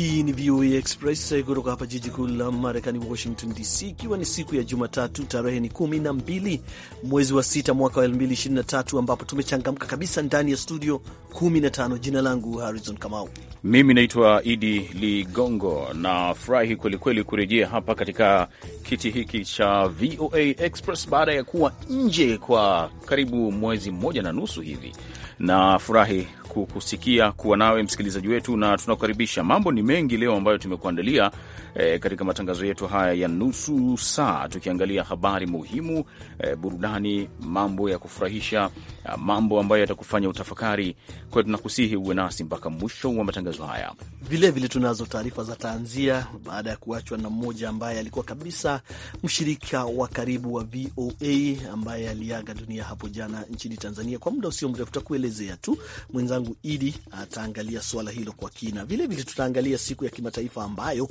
Hii ni VOA Express eh, kutoka hapa jiji kuu la Marekani, Washington DC, ikiwa ni siku ya Jumatatu tarehe ni kumi na mbili mwezi wa sita mwaka wa 2023 ambapo tumechangamka kabisa ndani ya studio 15. Jina langu Harrison Kamau, mimi naitwa Idi Ligongo na furahi kwelikweli kurejea hapa katika kiti hiki cha VOA Express baada ya kuwa nje kwa karibu mwezi mmoja na nusu hivi na furahi kukusikia kuwa nawe msikilizaji wetu, na tunakukaribisha. Mambo ni mengi leo ambayo tumekuandalia e, katika matangazo yetu haya ya nusu saa, tukiangalia habari muhimu e, burudani, mambo ya kufurahisha, ah, mambo ambayo yatakufanya utafakari. Kwa hiyo tunakusihi uwe nasi mpaka mwisho wa matangazo haya. Vilevile vile tunazo taarifa za tanzia baada ya kuachwa na mmoja ambaye alikuwa kabisa mshirika wa karibu wa VOA ambaye aliaga dunia hapo jana nchini Tanzania kwa muda usio mrefu, takuelezea tu mwenzangu mwenzangu Idi ataangalia suala hilo kwa kina. Vilevile tutaangalia siku ya kimataifa ambayo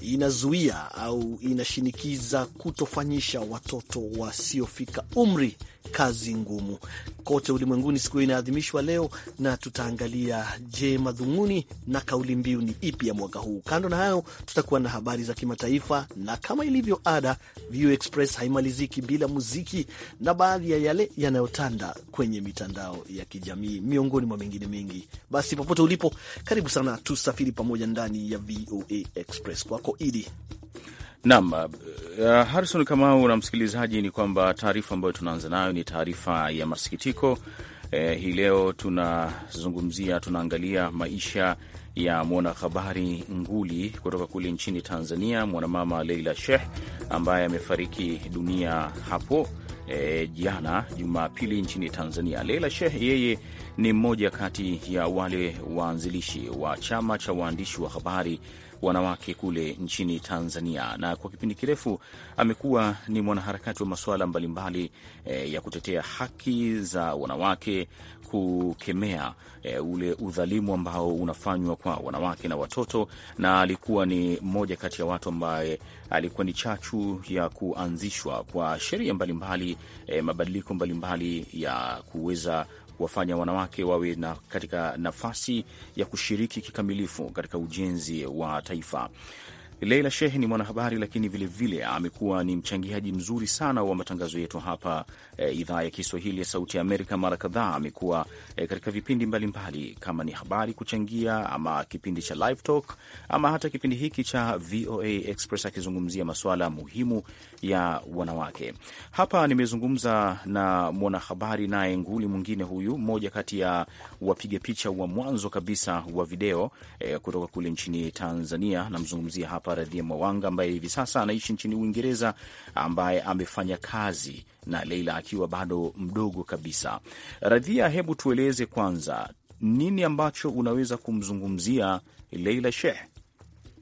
inazuia au inashinikiza kutofanyisha watoto wasiofika umri kazi ngumu. Kote ulimwenguni siku hiyo inaadhimishwa leo, na tutaangalia je, madhumuni na kauli mbiu ni ipi ya mwaka huu. Kando na hayo, tutakuwa na habari za kimataifa, na kama ilivyo ada, VOA Express haimaliziki bila muziki na baadhi ya yale yanayotanda kwenye mitandao ya kijamii, miongoni mwa mengine mengi. Basi popote ulipo, karibu sana, tusafiri pamoja ndani ya VOA Express. Kwako Idi. Naam, uh, eh, Harison Kamau na msikilizaji, ni kwamba taarifa ambayo tunaanza nayo ni taarifa ya masikitiko. Eh, hii leo tunazungumzia, tunaangalia maisha ya mwanahabari nguli kutoka kule nchini Tanzania, mwanamama Leila sheh ambaye amefariki dunia hapo E, jana Jumapili nchini Tanzania. Leila sheh yeye ni mmoja kati ya wale waanzilishi wa chama cha waandishi wa habari wanawake kule nchini Tanzania, na kwa kipindi kirefu amekuwa ni mwanaharakati wa masuala mbalimbali e, ya kutetea haki za wanawake, kukemea e, ule udhalimu ambao unafanywa kwa wanawake na watoto, na alikuwa ni mmoja kati ya watu ambaye alikuwa ni chachu ya kuanzishwa kwa sheria mbalimbali e, mabadiliko mbalimbali ya kuweza kuwafanya wanawake wawe na katika nafasi ya kushiriki kikamilifu katika ujenzi wa taifa. Leila Shehe ni mwanahabari lakini vilevile amekuwa ni mchangiaji mzuri sana wa matangazo yetu hapa e, idhaa ya Kiswahili ya Sauti ya Amerika. Mara kadhaa amekuwa e, katika vipindi mbalimbali mbali, kama ni habari kuchangia ama kipindi cha Live Talk ama hata kipindi hiki cha VOA Express akizungumzia masuala muhimu ya wanawake. Hapa nimezungumza na mwanahabari naye nguli mwingine huyu, mmoja kati ya wapiga picha wa mwanzo kabisa wa video e, kutoka kule nchini Tanzania. Namzungumzia hapa Radhia Mwawanga ambaye hivi sasa anaishi nchini Uingereza, ambaye amefanya kazi na Leila akiwa bado mdogo kabisa. Radhia, hebu tueleze kwanza nini ambacho unaweza kumzungumzia Leila Sheikh?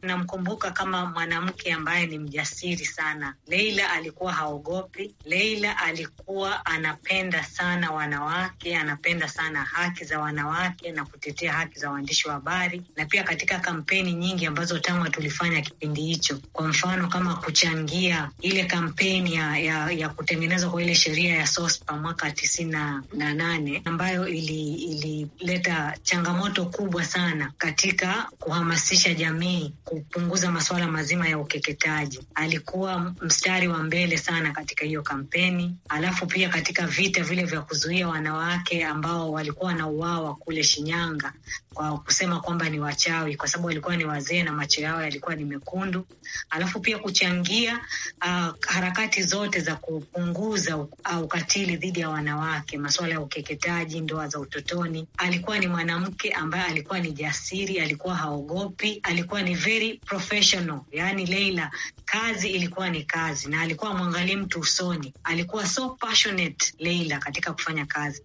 namkumbuka kama mwanamke ambaye ni mjasiri sana. Leila alikuwa haogopi. Leila alikuwa anapenda sana wanawake, anapenda sana haki za wanawake na kutetea haki za waandishi wa habari, na pia katika kampeni nyingi ambazo TAMWA tulifanya kipindi hicho, kwa mfano kama kuchangia ile kampeni ya, ya, ya kutengenezwa kwa ile sheria ya SOSPA mwaka tisini na nane ambayo ilileta ili changamoto kubwa sana katika kuhamasisha jamii kupunguza masuala mazima ya ukeketaji. Alikuwa mstari wa mbele sana katika hiyo kampeni, alafu pia katika vita vile vya kuzuia wanawake ambao walikuwa wanauawa kule Shinyanga, kwa kusema kwamba ni wachawi, kwa sababu walikuwa ni wazee na macho yao yalikuwa ni mekundu, alafu pia kuchangia uh, harakati zote za kupunguza uh, ukatili dhidi ya wanawake, masuala ya ukeketaji, ndoa za utotoni. Alikuwa ni mwanamke ambaye alikuwa ni jasiri, alikuwa haogopi, alikuwa ni very professional. Yani Leila, kazi ilikuwa ni kazi, na alikuwa mwangalie mtu usoni, alikuwa so passionate Leila katika kufanya kazi.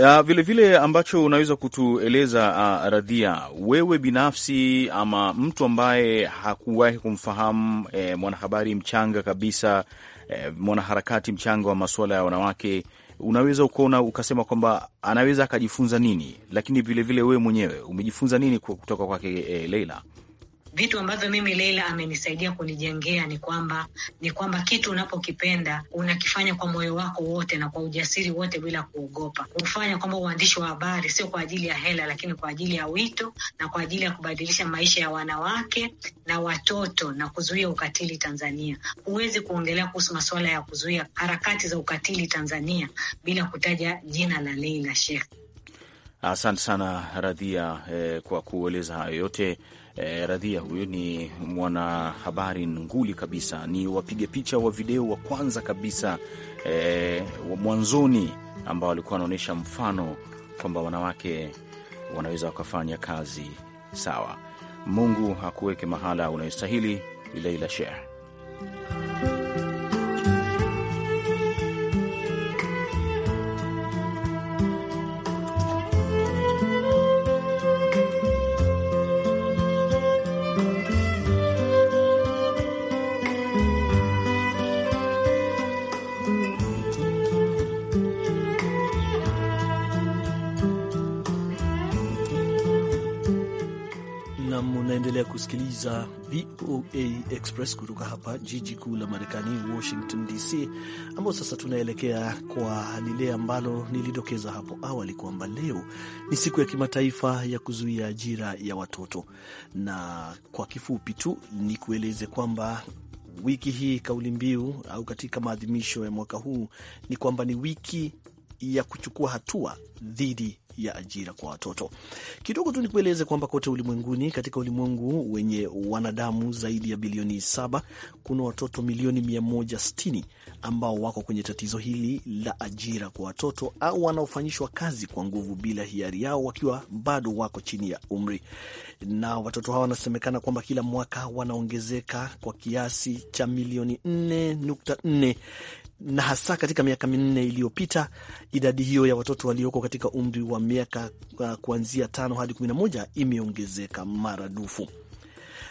Uh, vile vile ambacho unaweza kutueleza uh, Radhia, wewe binafsi ama mtu ambaye hakuwahi kumfahamu eh, mwanahabari mchanga kabisa eh, mwanaharakati mchanga wa masuala ya wanawake, unaweza ukaona ukasema kwamba anaweza akajifunza nini, lakini vilevile wewe mwenyewe umejifunza nini kutoka kwake eh, Leila? vitu ambavyo mimi Leila amenisaidia kunijengea ni kwamba ni kwamba kitu unapokipenda unakifanya kwa moyo wako wote na kwa ujasiri wote bila kuogopa, kufanya kwamba uandishi wa habari sio kwa ajili ya hela, lakini kwa ajili ya wito na kwa ajili ya kubadilisha maisha ya wanawake na watoto na kuzuia ukatili Tanzania. Huwezi kuongelea kuhusu masuala ya kuzuia harakati za ukatili Tanzania bila kutaja jina la Leila Sheikh. Asante sana Radhia eh, kwa kueleza hayo yote E, Radhia huyu ni mwanahabari nguli kabisa, ni wapiga picha wa video wa kwanza kabisa e, mwanzoni ambao alikuwa wanaonyesha mfano kwamba wanawake wanaweza wakafanya kazi sawa. Mungu hakuweke mahala unayostahili, Leila Sheikh. za VOA Express kutoka hapa jiji kuu la Marekani, Washington DC, ambao sasa tunaelekea kwa lile ambalo nilidokeza hapo awali kwamba leo ni siku ya kimataifa ya kuzuia ajira ya watoto, na kwa kifupi tu ni kueleze kwamba wiki hii kauli mbiu au katika maadhimisho ya mwaka huu ni kwamba ni wiki ya kuchukua hatua dhidi ya ajira kwa watoto. Kidogo tu nikueleze kwamba kote ulimwenguni, katika ulimwengu wenye wanadamu zaidi ya bilioni saba, kuna watoto milioni 160 ambao wako kwenye tatizo hili la ajira kwa watoto au wanaofanyishwa kazi kwa nguvu bila hiari yao wakiwa bado wako chini ya umri. Na watoto hawa wanasemekana kwamba kila mwaka wanaongezeka kwa kiasi cha milioni 4.4 na hasa katika miaka minne iliyopita idadi hiyo ya watoto walioko katika umri wa miaka uh, kuanzia tano hadi kumi na moja imeongezeka maradufu.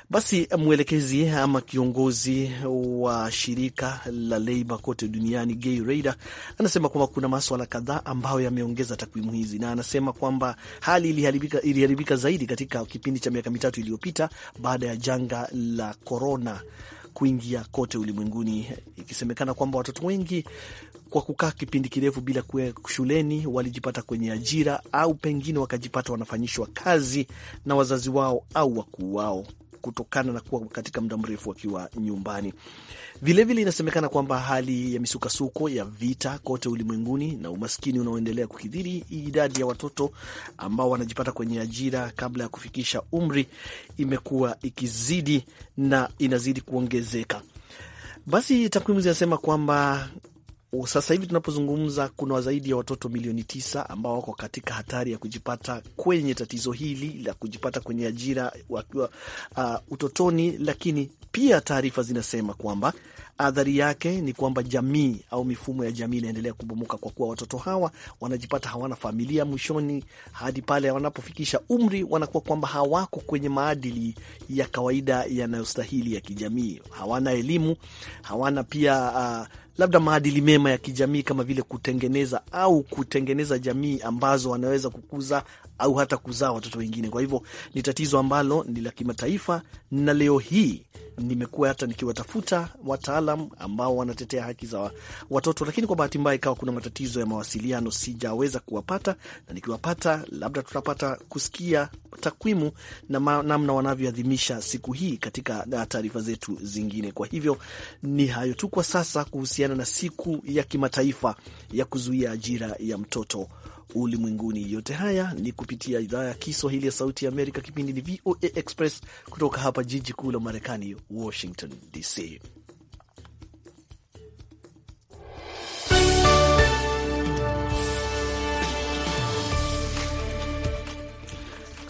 Basi mwelekezi ama kiongozi wa shirika la Leiba kote duniani Gay Reider anasema kwamba kuna maswala kadhaa ambayo yameongeza takwimu hizi, na anasema kwamba hali iliharibika, iliharibika zaidi katika kipindi cha miaka mitatu iliyopita baada ya janga la korona kuingia kote ulimwenguni, ikisemekana kwamba watoto wengi kwa kukaa kipindi kirefu bila kuwa shuleni walijipata kwenye ajira au pengine wakajipata wanafanyishwa kazi na wazazi wao au wakuu wao kutokana na kuwa katika muda mrefu akiwa nyumbani. Vilevile inasemekana kwamba hali ya misukasuko ya vita kote ulimwenguni na umaskini unaoendelea kukidhiri idadi ya watoto ambao wanajipata kwenye ajira kabla ya kufikisha umri imekuwa ikizidi na inazidi kuongezeka. Basi takwimu zinasema kwamba sasa hivi tunapozungumza kuna zaidi ya watoto milioni tisa ambao wako katika hatari ya kujipata kwenye tatizo hili la kujipata kwenye ajira wakiwa uh, utotoni, lakini pia taarifa zinasema kwamba adhari yake ni kwamba jamii au mifumo ya jamii inaendelea kubomoka, kwa kuwa watoto hawa wanajipata hawana familia mwishoni, hadi pale wanapofikisha umri wanakuwa kwamba hawako kwenye maadili ya kawaida yanayostahili ya kijamii, hawana elimu, hawana pia uh, labda maadili mema ya kijamii kama vile kutengeneza au kutengeneza jamii ambazo wanaweza kukuza au hata kuzaa watoto wengine. Kwa hivyo ni tatizo ambalo ni la kimataifa, na leo hii nimekuwa hata nikiwatafuta wataalam ambao wanatetea haki za watoto, lakini kwa bahati mbaya ikawa kuna matatizo ya mawasiliano, sijaweza kuwapata, na nikiwapata, labda tutapata kusikia takwimu na namna wanavyoadhimisha siku hii katika uh, taarifa zetu zingine. Kwa hivyo ni hayo tu kwa sasa kuhusiana kuhusiana na siku ya kimataifa ya kuzuia ajira ya mtoto ulimwenguni. Yote haya ni kupitia idhaa ya Kiswahili ya Sauti ya Amerika. Kipindi ni VOA Express kutoka hapa jiji kuu la Marekani, Washington DC.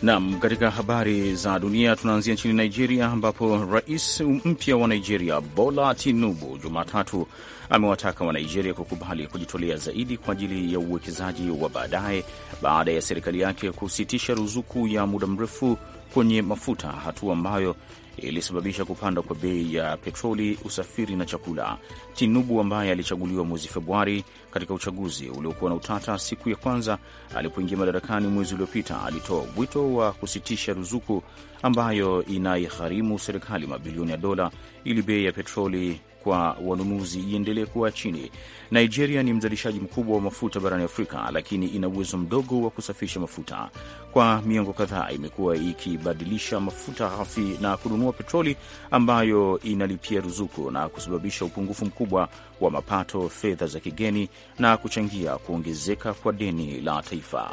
Nam, katika habari za dunia tunaanzia nchini Nigeria ambapo rais mpya wa Nigeria Bola Tinubu Jumatatu amewataka Wanigeria kukubali kujitolea zaidi kwa ajili ya uwekezaji wa baadaye baada ya serikali yake kusitisha ruzuku ya muda mrefu kwenye mafuta, hatua ambayo ilisababisha kupanda kwa bei ya petroli, usafiri na chakula. Tinubu ambaye alichaguliwa mwezi Februari katika uchaguzi uliokuwa na utata, siku ya kwanza alipoingia madarakani mwezi uliopita, alitoa wito wa kusitisha ruzuku ambayo inaigharimu serikali mabilioni ya dola ili bei ya petroli kwa wanunuzi iendelee kuwa chini. Nigeria ni mzalishaji mkubwa wa mafuta barani Afrika, lakini ina uwezo mdogo wa kusafisha mafuta. Kwa miongo kadhaa imekuwa ikibadilisha mafuta ghafi na kununua petroli ambayo inalipia ruzuku na kusababisha upungufu mkubwa wa mapato, fedha za kigeni na kuchangia kuongezeka kwa deni la taifa.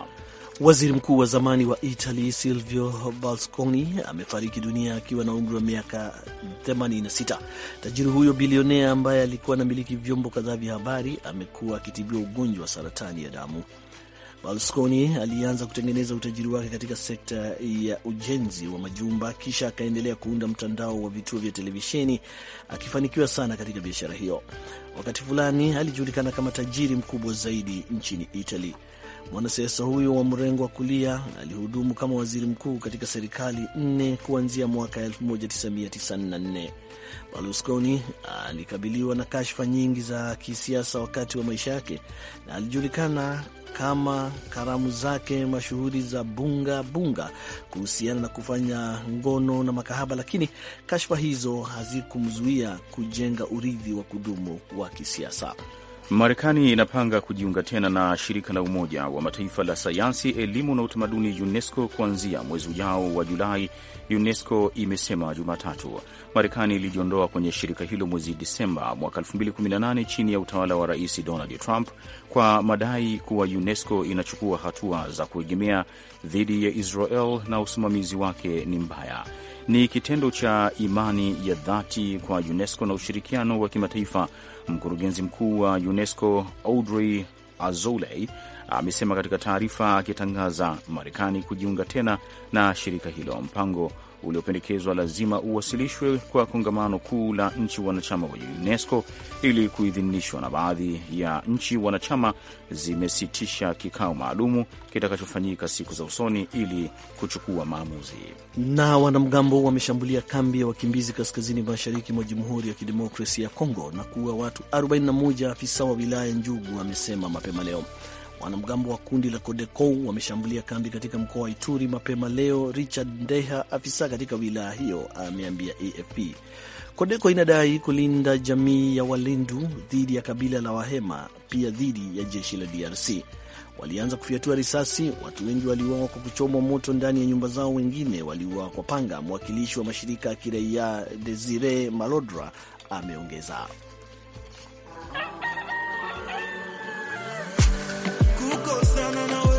Waziri mkuu wa zamani wa itali Silvio Berlusconi amefariki dunia akiwa na umri wa miaka 86. Tajiri huyo bilionea ambaye alikuwa anamiliki vyombo kadhaa vya habari amekuwa akitibiwa ugonjwa wa saratani ya damu. Berlusconi alianza kutengeneza utajiri wake katika sekta ya ujenzi wa majumba, kisha akaendelea kuunda mtandao wa vituo vya televisheni, akifanikiwa sana katika biashara hiyo. Wakati fulani alijulikana kama tajiri mkubwa zaidi nchini Italy. Mwanasiasa huyo wa mrengo wa kulia alihudumu kama waziri mkuu katika serikali nne kuanzia mwaka 1994. Berlusconi alikabiliwa na kashfa nyingi za kisiasa wakati wa maisha yake na alijulikana kama karamu zake mashuhuri za bunga bunga kuhusiana na kufanya ngono na makahaba, lakini kashfa hizo hazikumzuia kujenga urithi wa kudumu wa kisiasa. Marekani inapanga kujiunga tena na shirika la Umoja wa Mataifa la sayansi, elimu na utamaduni, UNESCO, kuanzia mwezi ujao wa Julai, UNESCO imesema Jumatatu. Marekani ilijiondoa kwenye shirika hilo mwezi Disemba mwaka 2018 chini ya utawala wa Rais Donald Trump kwa madai kuwa UNESCO inachukua hatua za kuegemea dhidi ya Israel na usimamizi wake ni mbaya. Ni kitendo cha imani ya dhati kwa UNESCO na ushirikiano wa kimataifa Mkurugenzi mkuu wa UNESCO Audrey Azoulay amesema katika taarifa akitangaza Marekani kujiunga tena na shirika hilo. Mpango uliopendekezwa lazima uwasilishwe kwa kongamano kuu la nchi wanachama wa UNESCO ili kuidhinishwa, na baadhi ya nchi wanachama zimesitisha kikao maalumu kitakachofanyika siku za usoni ili kuchukua maamuzi. Na wanamgambo wameshambulia kambi ya wakimbizi kaskazini mashariki mwa Jamhuri ya Kidemokrasia ya Kongo na kuua watu 41, afisa wa wilaya Njugu amesema mapema leo. Wanamgambo wa kundi la Codeco wameshambulia kambi katika mkoa wa Ituri mapema leo, Richard Ndeha, afisa katika wilaya hiyo, ameambia AFP. Kodeko inadai kulinda jamii ya Walendu dhidi ya kabila la Wahema, pia dhidi ya jeshi la DRC. Walianza kufyatua risasi, watu wengi waliuawa kwa kuchomwa moto ndani ya nyumba zao, wengine waliuawa kwa panga. Mwakilishi wa mashirika ya kiraia Desire Malodra ameongeza no, no, no.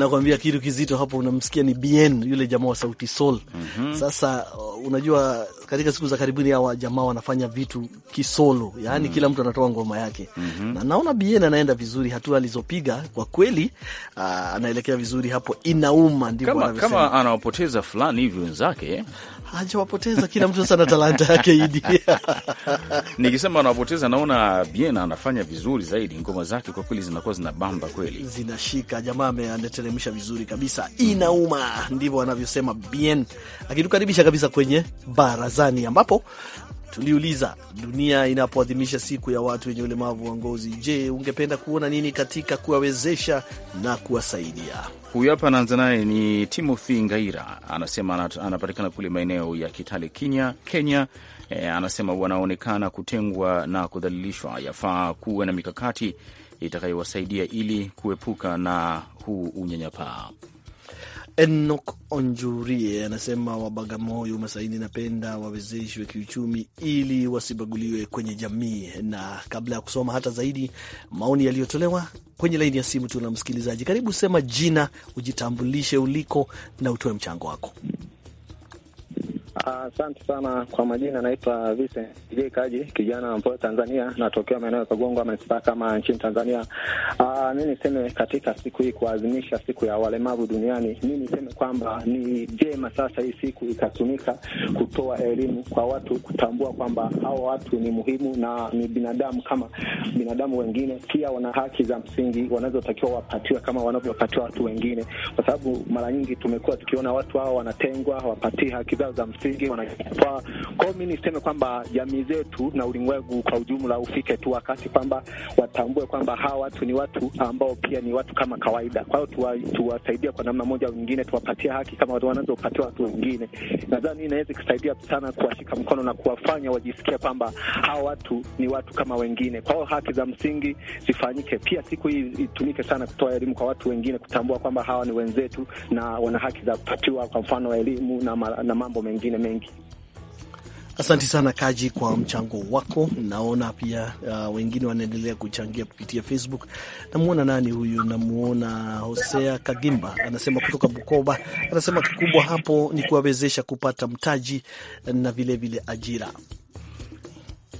nakwambia kitu kizito hapo, unamsikia ni bn yule jamaa wa Sauti Sol. mm -hmm. Sasa uh, unajua katika siku za karibuni hawa jamaa wanafanya vitu kisolo, yaani mm. kila mtu anatoa ngoma yake mm -hmm. na naona Bien anaenda vizuri, hatua alizopiga kwa kweli uh, anaelekea vizuri hapo, inauma ndivyo kama, kama anawapoteza fulani hivi wenzake hajawapoteza kila mtu sasa na talanta yake Idi. Nikisema anawapoteza, naona Bien anafanya vizuri zaidi, ngoma zake kwa kweli zinakuwa zinabamba kweli, zinashika. Jamaa ameteremsha vizuri kabisa, inauma, ndivyo anavyosema Bien, akitukaribisha kabisa kwenye baraza Barazani, ambapo tuliuliza dunia inapoadhimisha siku ya watu wenye ulemavu wa ngozi, je, ungependa kuona nini katika kuwawezesha na kuwasaidia? Huyu hapa anaanza naye ni Timothy Ngaira, anasema anapatikana kule maeneo ya Kitale, Kenya, Kenya. E, anasema wanaonekana kutengwa na kudhalilishwa, yafaa kuwe na mikakati itakayowasaidia ili kuepuka na huu unyanyapaa. Enok Onjurie anasema Wabagamoyo Masaini, napenda wawezeshwe kiuchumi ili wasibaguliwe kwenye jamii. Na kabla ya kusoma hata zaidi maoni yaliyotolewa kwenye laini ya simu, tuna msikilizaji. Karibu, sema jina, ujitambulishe, uliko na utoe mchango wako. Asante uh, sana kwa majina, naitwa Vincent J Kaji, kijana mpole Tanzania, natokea maeneo ya Kagongo manispaa kama nchini Tanzania. Uh, ah, mi niseme katika siku hii kuadhimisha siku ya walemavu duniani, mi niseme kwamba ni jema sasa hii siku ikatumika kutoa elimu kwa watu, kutambua kwamba hawa watu ni muhimu na ni binadamu kama binadamu wengine, pia wana haki za msingi wanazotakiwa wapatiwe kama wanavyopatiwa watu wengine, kwa sababu mara nyingi tumekuwa tukiona watu hawa wanatengwa, hawapatii haki zao za msingi msingi wanakupa. Kwa hiyo mi niseme kwamba jamii zetu na ulimwengu kwa ujumla ufike tu wakati kwamba watambue kwamba hawa watu ni watu ambao pia ni watu kama kawaida. Kwa hiyo tuwasaidia kwa namna moja au nyingine, tuwapatie haki kama wanazopatiwa watu wengine. Nadhani inaweza ikisaidia sana kuwashika mkono na kuwafanya wajisikia kwamba hawa watu ni watu kama wengine. Kwa hiyo haki za msingi zifanyike, pia siku hii itumike sana kutoa elimu kwa watu wengine, kutambua kwamba hawa ni wenzetu na wana haki za kupatiwa, kwa mfano elimu na, na mambo mengine mengi. Asanti sana Kaji kwa mchango wako. Naona pia uh, wengine wanaendelea kuchangia kupitia Facebook. Namwona nani huyu? Namwona Hosea Kagimba anasema kutoka Bukoba, anasema kikubwa hapo ni kuwawezesha kupata mtaji na vilevile vile ajira.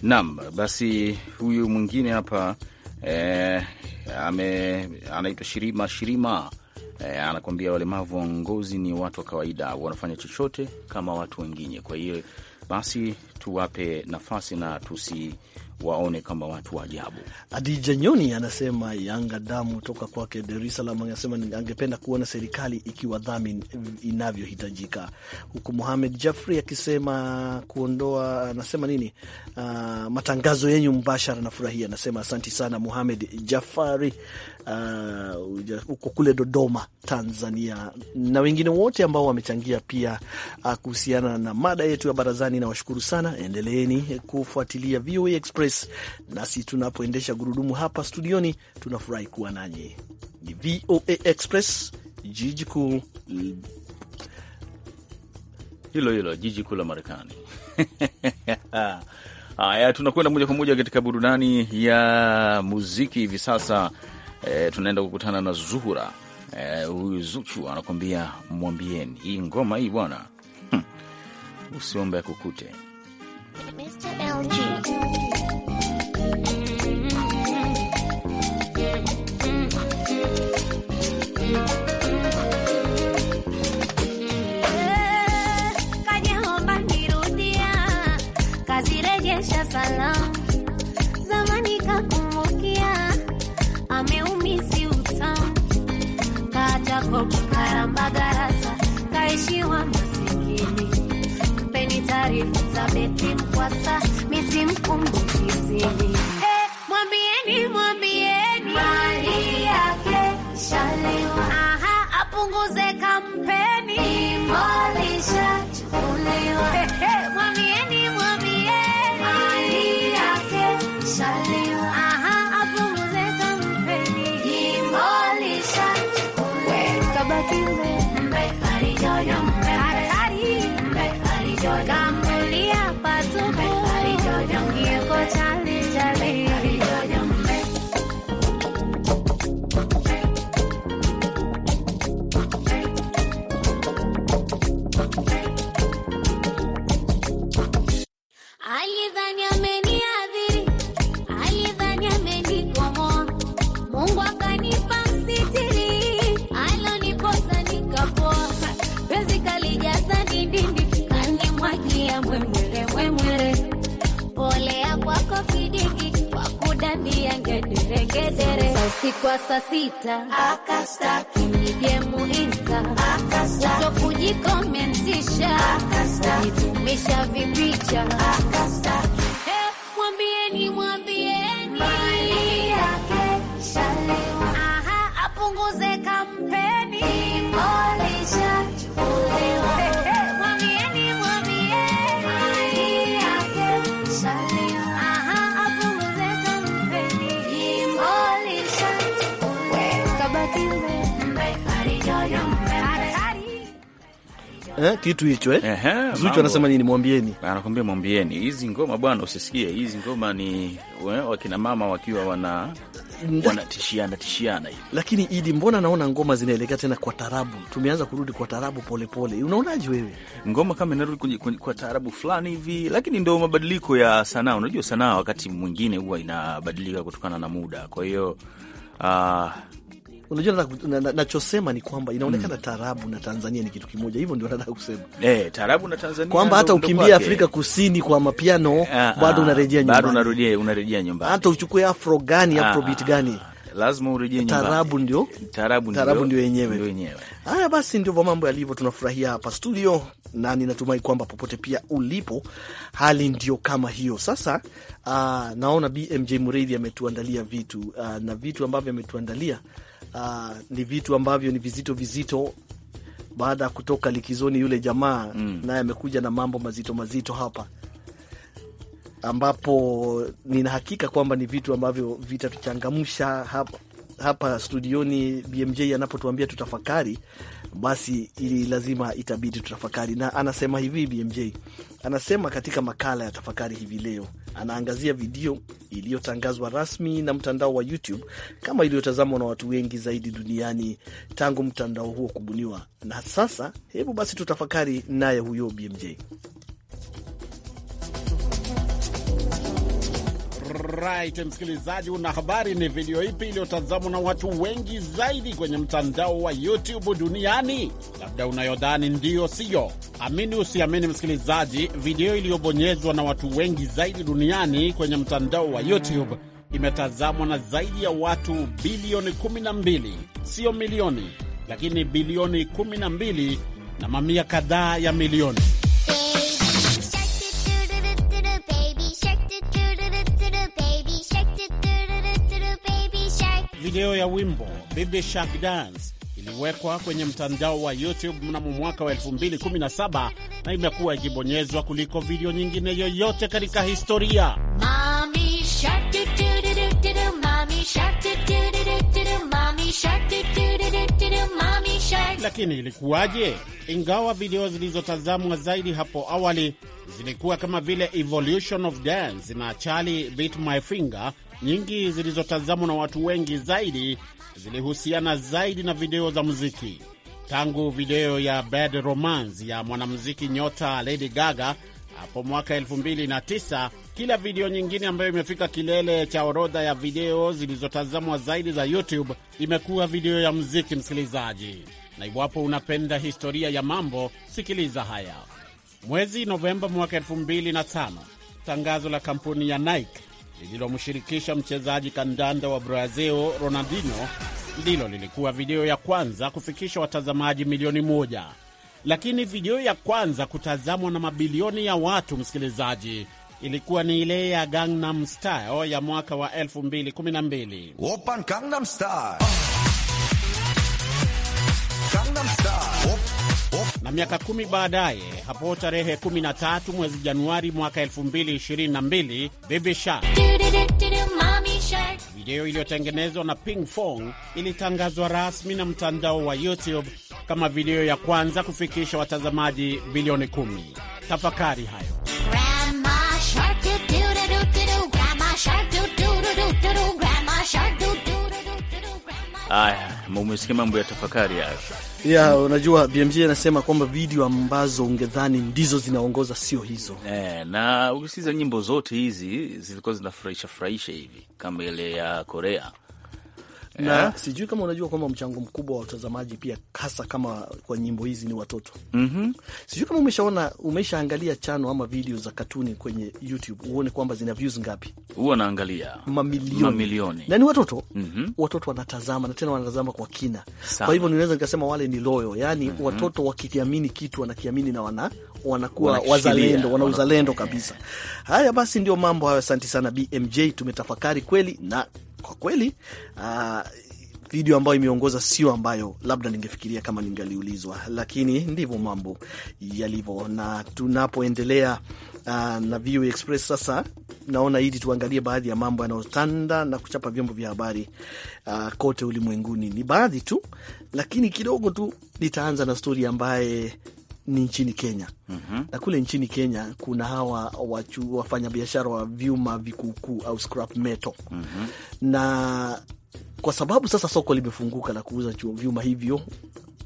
Naam, basi huyu mwingine hapa eh, anaitwa Shirima Shirima E, anakuambia walemavu wa ngozi ni watu wa kawaida, wanafanya chochote kama watu wengine. Kwa hiyo basi tuwape nafasi na tusi waone kama watu wa ajabu. Adija Nyoni anasema Yanga damu toka kwake Dar es Salaam, anasema angependa kuona serikali dhamin inavyohitajika, huku Muhamed Jafri akisema kuondoa, anasema nini, uh, matangazo yenyu mbashara na Anasema asanti sana Muhamed Jafari ah, huko uh, kule Dodoma, Tanzania, na wengine wote ambao wamechangia pia uh, kuhusiana na mada yetu ya barazani. Nawashukuru sana, endeleeni kufuatilia VOA e Express Express. Nasi tunapoendesha gurudumu hapa studioni, tunafurahi kuwa nanyi. Ni VOA Express, jiji kuu hilo hilo, jiji kuu la Marekani. Haya, tunakwenda moja kwa moja katika burudani ya muziki hivi sasa. E, tunaenda kukutana na Zuhura. E, huyu e, Zuchu anakuambia mwambieni, hii ngoma hii bwana, usiombe akukute LG. nikimkwasa misimkumbukizi. Hey, mwambieni mwambieni mali yake shalewa, aha apunguze kampeni imolisha ngedere usiku wa saa sita akastaki mpigie muinga kutokujikommentisha kujitumisha vipicha akastaki eh, kitu hicho eh. Ehe, Zuchu anasema nini? Mwambieni, anakwambia mwambieni, hizi ngoma bwana, usisikie hizi ngoma ni wakina mama wakiwa wana wanatishiana tishiana hivi. Lakini Idi, mbona naona ngoma zinaelekea tena kwa tarabu? Tumeanza kurudi kwa tarabu polepole, unaonaje wewe? Ngoma kama inarudi kwa tarabu fulani hivi, lakini ndo mabadiliko ya sanaa. Unajua sanaa wakati mwingine huwa inabadilika kutokana na muda, kwa hiyo uh, Unajua, nachosema ni kwamba inaonekana mm, tarabu na Tanzania ni kitu kimoja, hivyo ndio nataka kusema eh, tarabu na Tanzania, kwamba hata ukimbia Afrika Kusini kwa mapiano ah, ah, bado unarejea nyumbani, bado unarudia, unarejea nyumbani, hata uchukue afro gani, ah, afrobeat gani lazima urejee nyumbani. Tarabu ndio taarabu ndio yenyewe. Haya basi, ndivyo mambo yalivyo. Tunafurahia hapa studio, na ninatumai kwamba popote pia ulipo hali ndio kama hiyo. Sasa uh, naona BMJ Mureithi ametuandalia vitu uh, na vitu ambavyo ametuandalia uh, ni vitu ambavyo ni vizito vizito baada ya kutoka likizoni yule jamaa mm. naye amekuja na mambo mazito mazito hapa, ambapo nina hakika kwamba ni vitu ambavyo vitatuchangamsha hapa hapa studioni BMJ anapotuambia tutafakari, basi ili lazima itabidi tutafakari, na anasema hivi BMJ, anasema katika makala ya tafakari hivi leo anaangazia video iliyotangazwa rasmi na mtandao wa YouTube kama iliyotazamwa na watu wengi zaidi duniani tangu mtandao huo kubuniwa. Na sasa hebu basi tutafakari naye huyo BMJ. right, msikilizaji, una habari ni video ipi iliyotazamwa na watu wengi zaidi kwenye mtandao wa YouTube duniani? Labda unayodhani ndiyo siyo. Amini usiamini, msikilizaji, video iliyobonyezwa na watu wengi zaidi duniani kwenye mtandao wa YouTube imetazamwa na zaidi ya watu bilioni 12, siyo milioni, lakini bilioni 12 na mamia kadhaa ya milioni. video ya wimbo Baby Shark Dance iliwekwa kwenye mtandao wa YouTube mnamo mwaka wa 2017 na imekuwa ikibonyezwa kuliko video nyingine yoyote katika historia. shark, Lakini ilikuwaje? Ingawa video zilizotazamwa zaidi hapo awali zilikuwa kama vile Evolution of Dance na Charlie Bit My Finger nyingi zilizotazamwa na watu wengi zaidi zilihusiana zaidi na video za muziki. Tangu video ya Bad Romance ya mwanamuziki nyota Lady Gaga hapo mwaka 2009, kila video nyingine ambayo imefika kilele cha orodha ya video zilizotazamwa zaidi za YouTube imekuwa video ya muziki, msikilizaji. Na iwapo unapenda historia ya mambo, sikiliza haya. Mwezi Novemba mwaka 2005, tangazo la kampuni ya Nike lililomshirikisha mchezaji kandanda wa Brazil Ronaldinho ndilo lilikuwa video ya kwanza kufikisha watazamaji milioni moja, lakini video ya kwanza kutazamwa na mabilioni ya watu, msikilizaji, ilikuwa ni ile ya Gangnam Style ya mwaka wa 2012. Open Gangnam Style. Gangnam Style. Na miaka kumi baadaye, hapo tarehe 13 mwezi Januari mwaka 2022, Baby Shark, video iliyotengenezwa na Ping Fong ilitangazwa rasmi na mtandao wa YouTube kama video ya kwanza kufikisha watazamaji bilioni 10. Tafakari hayo. Aya, Umesikia mambo ya tafakari hayo ya hmm. Unajua, BMJ anasema kwamba video ambazo ungedhani ndizo zinaongoza sio hizo e, na ukisikiza nyimbo zote hizi zilikuwa zinafurahisha furahisha hivi kama ile ya Korea na yeah. sijui kama unajua kwamba mchango mkubwa wa watazamaji pia hasa kama kwa nyimbo hizi ni watoto. mm -hmm. Sijui kama umeshaona, umeshaangalia chano ama video za katuni kwenye YouTube uone kwamba zina views ngapi? Huwa naangalia mamilioni, mamilioni na ni watoto. mm -hmm. Watoto wanatazama na tena wanatazama kwa kina Sama. Kwa hivyo ninaweza nikasema wale ni loyo, yani mm -hmm. watoto wakikiamini kitu wanakiamini na wana wanakuwa wazalendo, wana uzalendo kabisa. Haya basi, ndio mambo hayo. Asanti sana BMJ, tumetafakari kweli na kwa kweli uh, video ambayo imeongoza sio ambayo labda ningefikiria kama ningaliulizwa, lakini ndivyo mambo yalivyo. Na tunapoendelea uh, na VOA Express sasa, naona ili tuangalie baadhi ya mambo yanayotanda na kuchapa vyombo vya habari uh, kote ulimwenguni. Ni baadhi tu, lakini kidogo tu nitaanza na stori ambaye ni nchini Kenya mm -hmm. na kule nchini Kenya kuna hawa wafanyabiashara wa vyuma vikuukuu au scrap metal mm -hmm. na kwa sababu sasa soko limefunguka la kuuza vyuma hivyo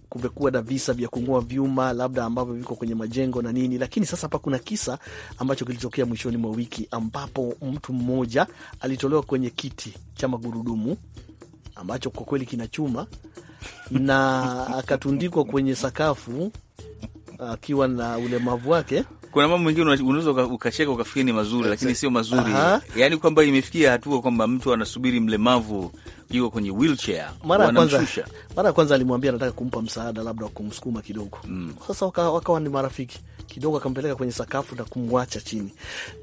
kumekuwa na visa vya kung'oa vyuma labda ambavyo viko kwenye majengo na nini, lakini sasa hapa kuna kisa ambacho kilitokea mwishoni mwa wiki ambapo mtu mmoja alitolewa kwenye kiti cha magurudumu ambacho kwa kweli kina chuma na akatundikwa kwenye sakafu akiwa na ulemavu wake. Kuna mambo mengine unaweza ukacheka ukafikiri ni mazuri, lakini sio mazuri, yaani kwamba imefikia hatua kwamba mtu anasubiri mlemavu yuko kwenye wheelchair, mara ya kwanza mara ya kwanza alimwambia anataka kumpa msaada labda kumsukuma kidogo mm. Sasa wakawa waka ni marafiki kidogo, akampeleka kwenye sakafu na kumwacha chini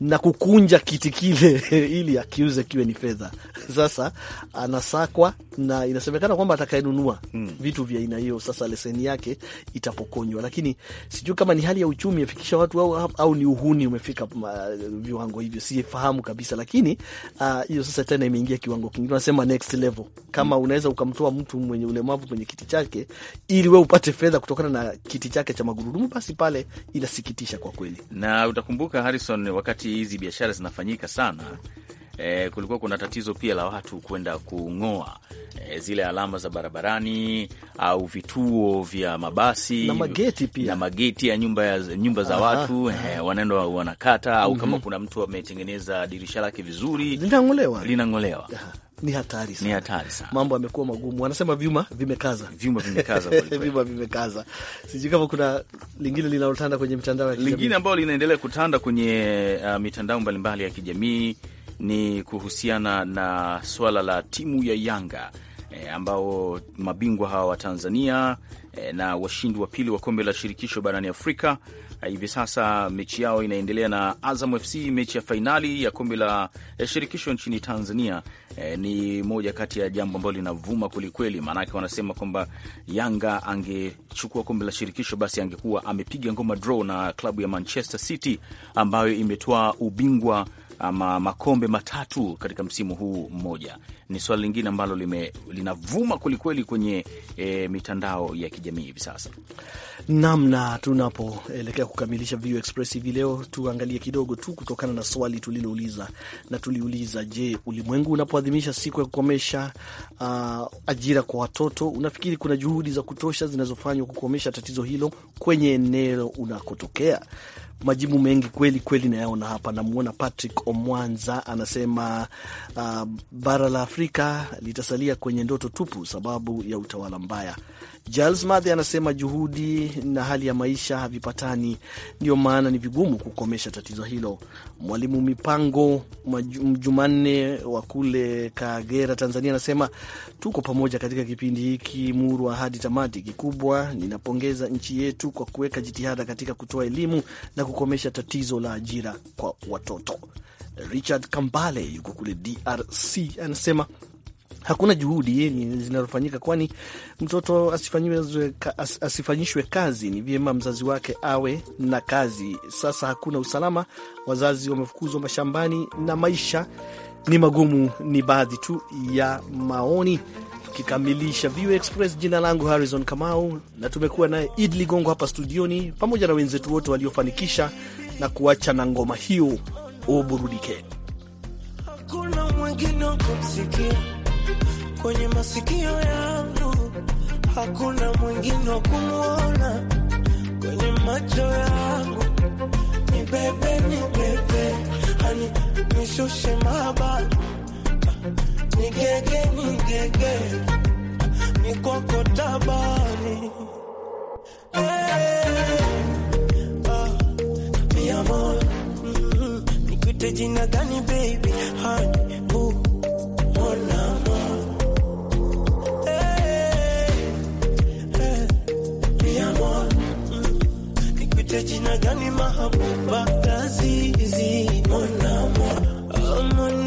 na kukunja kiti kile ili akiuze kiwe ni fedha. Sasa anasakwa na inasemekana kwamba atakayenunua mm. vitu vya aina hiyo, sasa leseni yake itapokonywa, lakini sijui kama ni hali ya uchumi afikisha watu au, au ni uhuni umefika uh, viwango hivyo, sifahamu kabisa, lakini uh, hiyo uh, sasa tena imeingia kiwango kingine, anasema next level level kama mm. unaweza ukamtoa mtu mwenye ulemavu kwenye kiti chake ili we upate fedha kutokana na kiti chake cha magurudumu, basi pale inasikitisha kwa kweli. Na utakumbuka Harrison, wakati hizi biashara zinafanyika sana e, kulikuwa kuna tatizo pia la watu kwenda kung'oa e, zile alama za barabarani au vituo vya mabasi na mageti, pia. Na mageti ya nyumba, ya, nyumba za aha, watu e, eh, wanaenda wanakata au mm -hmm. Kama mhm. kuna mtu ametengeneza dirisha lake vizuri linang'olewa, linang'olewa. Ni hatari sana, ni hatari sana. Mambo yamekuwa magumu, wanasema vyuma vimekaza, vyuma vimekaza, vyuma vimekaza. Sijui kama kuna lingine linalotanda kwenye mitandao ya kijamii, lingine ambalo linaendelea kutanda kwenye uh, mitandao mbalimbali ya kijamii ni kuhusiana na swala la timu ya Yanga e, ambao mabingwa hawa wa Tanzania e, na washindi wa pili wa kombe la shirikisho barani Afrika e, hivi sasa mechi yao inaendelea na Azam FC. Mechi ya fainali ya kombe la e, shirikisho nchini Tanzania E, ni moja kati ya jambo ambalo linavuma kwelikweli, maanake wanasema kwamba Yanga angechukua kombe la shirikisho, basi angekuwa amepiga ngoma draw na klabu ya Manchester City ambayo imetoa ubingwa ama makombe matatu katika msimu huu mmoja. Ni swala lingine ambalo linavuma kwelikweli kwenye e, mitandao ya kijamii hivi sasa. Namna tunapoelekea kukamilisha View Express hivi leo, tuangalie kidogo tu kutokana na swali tulilouliza, na tuliuliza, je, ulimwengu unapoadhimisha siku ya kukomesha uh, ajira kwa watoto, unafikiri kuna juhudi za kutosha zinazofanywa kukomesha tatizo hilo kwenye eneo unakotokea? majibu mengi kweli kweli nayaona hapa. Namwona Patrick Omwanza anasema uh, bara la Afrika litasalia kwenye ndoto tupu sababu ya utawala mbaya. Giles Mathe anasema juhudi na hali ya maisha havipatani, ndiyo maana ni vigumu kukomesha tatizo hilo. Mwalimu Mipango Jumanne wa kule Kagera, Tanzania, anasema tuko pamoja katika kipindi hiki murwa hadi tamati. Kikubwa ninapongeza nchi yetu kwa kuweka jitihada katika kutoa elimu na kukomesha tatizo la ajira kwa watoto. Richard Kambale yuko kule DRC anasema hakuna juhudi zinazofanyika, kwani mtoto asifanyishwe kazi. Ni vyema mzazi wake awe na kazi. Sasa hakuna usalama, wazazi wamefukuzwa mashambani na maisha ni magumu. Ni baadhi tu ya maoni tukikamilisha VOA Express. Jina langu Harrison Kamau, na tumekuwa naye Id Ligongo hapa studioni pamoja na wenzetu wote waliofanikisha na kuacha na ngoma hiyo uburudike. Hakuna mwingine kumsikia kwenye masikio yangu, hakuna mwingine kumwona kwenye macho yangu. Ni bebe, ni bebe, hani nishushe nigege nigege nikokotabani eh, ah, mm-hmm. nikute jina gani baby hani monama nikute jina gani mahabuba kazizi monama oh,